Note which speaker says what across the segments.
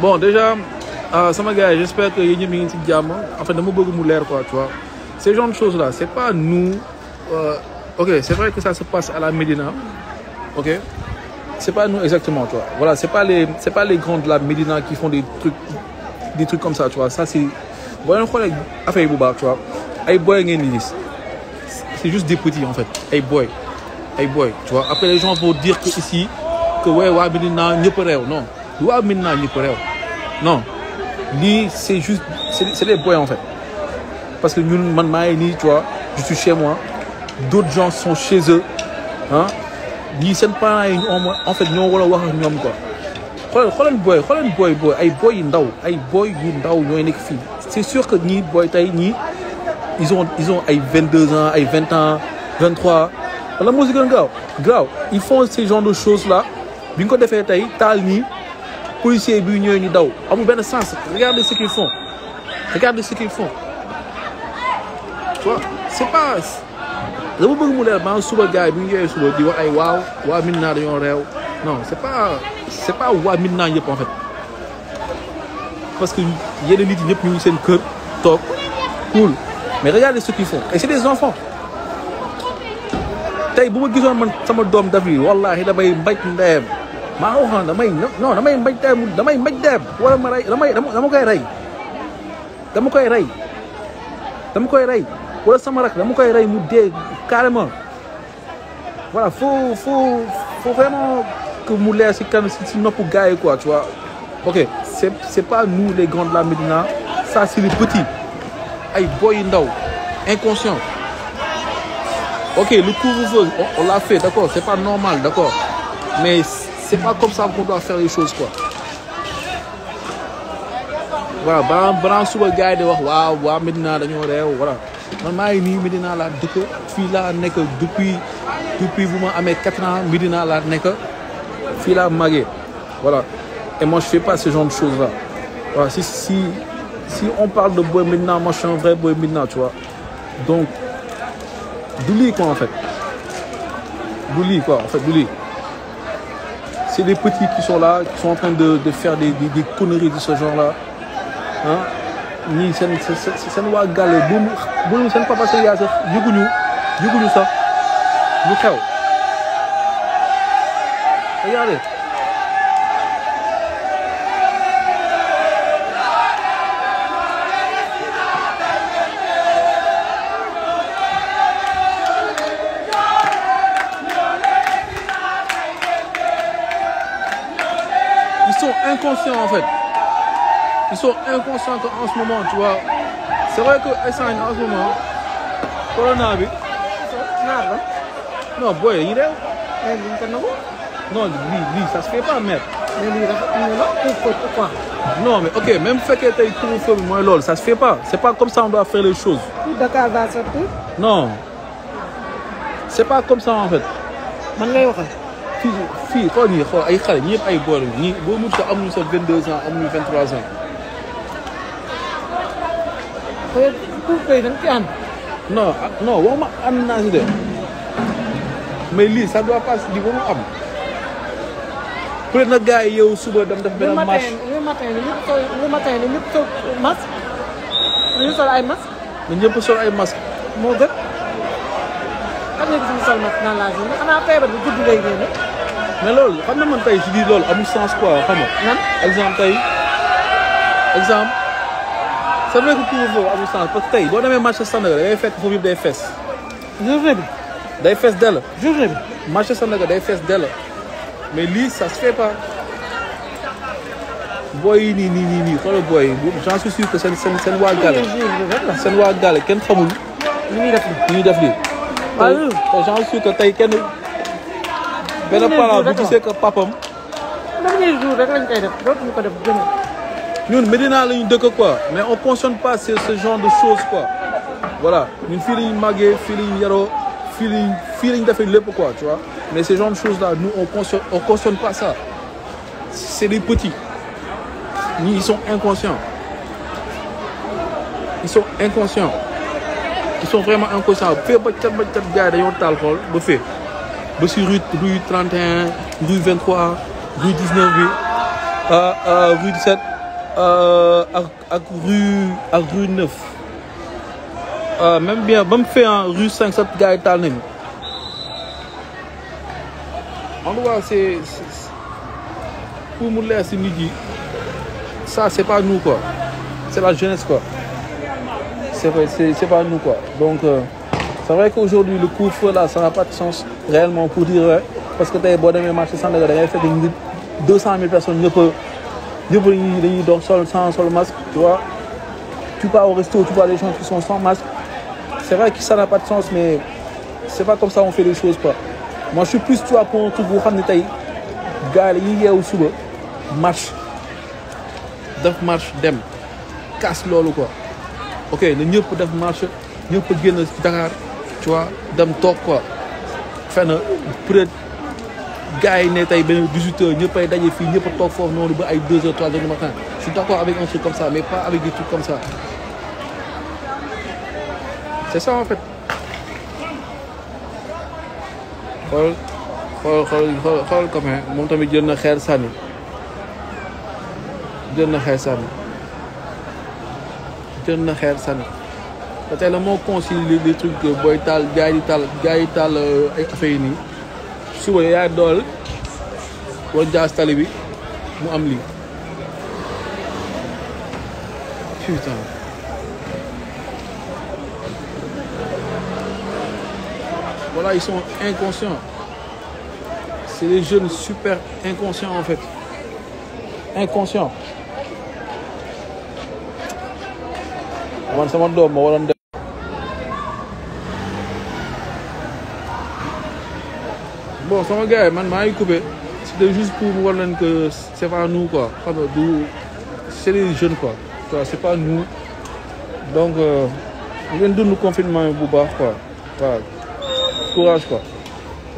Speaker 1: bon déjà euh, sama gars yi j'espère que yéen ñëpp ñu ngi ci jàmm en fait dama bëgg mu leer quoi tu vois ce genre de choses là c'est pas nous euh, ok c'est que ça Médina ok c'est pas nous exactement tu vois voilà c'est pas les c'est la Médina qui font des trucs des trucs comme ça tu vois ça c'est boo leen xoolee affaire yi bu baax tu vois ay boy ngeen di gis c'est juste des petits fait ay boy ay boy tu vois après les gens vont dire que ici que ouais waa non. waaw maintenant ni ko réew non lii c'est juste c'est des boys en fait parce que ñun man maa ngi nii tu vois je suis chez moi d'autres gens sont chez eux ah lii seen parents yi en fait ñoo war a wax ak ñoom quoi xoolal xoolal booy xoolal booy booy ay booy yu ndaw ay booy yu ndaw ñooy nekk fii c'est sûr que ñii booy tey ñii ils ont ils ont ay vingt deux ans ay vingt ans vingt trois wala moo si gën gaaw gaaw ils font ce genre de choses là bi nga ko defee tey taal nii policier bi ñëwee ñu daw amu benn sens regardez ce qu'ils font regardez ce qu'ils font waaw c'est pas dama bëgg mu leer maa suba gars yi bu ñu di wax ay waaw waa naa dañoo réew non c'est pa c'est pas waa Médina ñëpp en parce que yeneen nit yi ñëpp ñu ngi seen kër toog cool mais regardez ce qu'ils font et c'est des enfants tey bu ma gisoon man sama doom daf yi wallaahi damay mbaj ndeyam maa nga waxoon damay non damay mbaj dem damay mbaj wala ma rey damay dama koy rey dama koy rey dama koy rey wala sama rak dama koy rey mu dee carrément voilà faut faut faut vraiment mu leer si kan si nopp gars yi quoi tu vois ok c'est c'est pas nous les grands de la Médina ça c'est les petits ay boy yu ndaw inconscient ok lu couvre-feu on l'a fait d'accord c'est pas normal d'accord mais c'est pas comme ça qu'on doit faire les choses quoi voilà balaa balaa suba gars yi wax waaw waa Medina dañoo réew voilà man maa nii Medina laa dëkk fii laa nekk depuis bu ma amee quatre Medina laa nekk fii laa màggee voilà et moi pas ce genre de si si on parle de Boy Medina moi je vrai Boy Medina tu donc du lii quoi en fait du lii. c'est des petits qui sont là, qui sont en train de, de faire des, des, des, conneries de ce genre-là. Hein? Ni sen sen wa galé bu bu sen papa sen ya sax yëguñu yëguñu sax lu xew. Regardez. inconscients en fait ils sont inconscients qu'en ce moment tu vois c'est vrai que instant en moment corona bi. naar la. non booy dañuy réew. mais duñ ko nangu. non lii lii ça se fait pas mère. mais lii dafa non mais ok même bu fekkee tey couvre mooy loolu ça se pa pas c'est pas comme ça on doit faire les choses. Dakar va sortir. non c'est pas comme ça en fait. man fii fii xool ñii xool ay xale ñëpp ay góor ñi boo mënut a amuñu sax vingt deux ans amuñu vingt trois ans. xoolal kooku kay da nga de mais lii ça doit pas di waru am. peut être nag gars yow suba dam def benn marche le matin le matin le ñëpp sol masque. ñu sol ay masque. ñun ñëpp sol ay masque. moo gën. xam nga gis nga sol masque naan laa gis xanaa feebar bi gudd lay génne. mais loolu xam na man tey si biir lool amul sens quoi xam nga. nan exemple tey exemple c'est vrai que couvre-feu tey boo demee marché Sandaga da ngay fekk foofu yëpp day fes journée bi. day fes dell. journée bi. marché Sandaga day fees dell mais lii sa se pa pas. booy yi nii nii nii nii xoolal booy yi j'en suis sûr que seen seen seen seen waa gàlle kenn xamul. li ñuy def lii li ñuy def lii.
Speaker 2: benn parent bu gisee
Speaker 1: que papam. premier jour rek lañ koy def dootuñu ko def gën ñun Medina la ñu dëkk quoi mais on cautionne pas ce ce genre de choses quoi voilà ñun fii la ñu màggee fii la ñu yaroo fii la ñu fii la ñu defee lépp quoi tu mais ce genre de choses là nous on cautionne on cautionne pas ça c'est des petits ñi ils sont inconscients ils sont inconscients ils sont vraiment inconscients fee ba cat ba cat gars yi dañoo taal xool ba ba si rue rue 31 rue 23 rue 19 bi rue 17 euh, euh, euh, ak ak rue ak rue 9 même bien ba mu fee rue 57 gars yi taal en tout c'est pour mu leer si c'est pas nous quoi c'est la jeunesse quoi c'est pas nous quoi C'est vrai qu'aujourd'hui, le couvre-feu, là, ça n'a pas de sens réellement pour dire, parce que tu es bon demain marché sans dégâts, d'ailleurs, fait 200 000 personnes, ne peuvent ils dorment sans, sans le masque, tu vois. Tu pars au resto, tu vois des gens qui sont sans masque. C'est vrai que ça n'a pas de sens, mais c'est pas comme ça on fait les choses, quoi. Moi, je suis plus, tu vois, marche, def marche, dem, casse l'eau, quoi. Ok, le mieux pour def marche, mieux pour gagner Dakar. tu dem toog quoi fenn peut être gars yi ne tey benn 18 heures ñëppay daje fii ñëpp toog foofu noonu ba ay 2 heures 3 heures du matin je suis d' accord avec un truc comme ça mais pas avec des trucs comme ça c' ça en fait. xool xool xool xool comme moom tamit jël na xeer sànni jël na xeer sànni jël na xeer sànni. te tey la moo concilié des i booy taal gars yi taal gars yi taal euh, ay affaire yi nii suba yaay dool war jaas tali bi mu am lii putain voilà ils sont inconscients c'est des jeunes super inconscients en fait inconscients man sama doom bon sama gars yi man maa ngi coupé c'était juste pour war leen que c'est pas nous quoi xam nga du c'est les jeunes quoi tu vois c'est pas nous donc ngeen euh, dund confinement yi bu baax quoi waaw courage quoi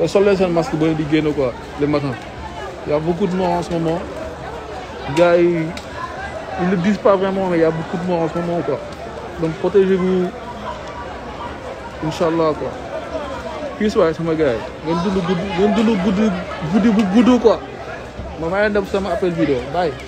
Speaker 1: sol leen seen masque ba di génn quoi le matin y a beaucoup de morts en ce moment gars yi ils ne disent pas vraiment y a beaucoup de morts en ce moment quoi donc protégez-vous incha piis waay sama gars yi ngeen dund gudd gudd guddi gudd quoi ma maa leen dem sama appel vidéo bye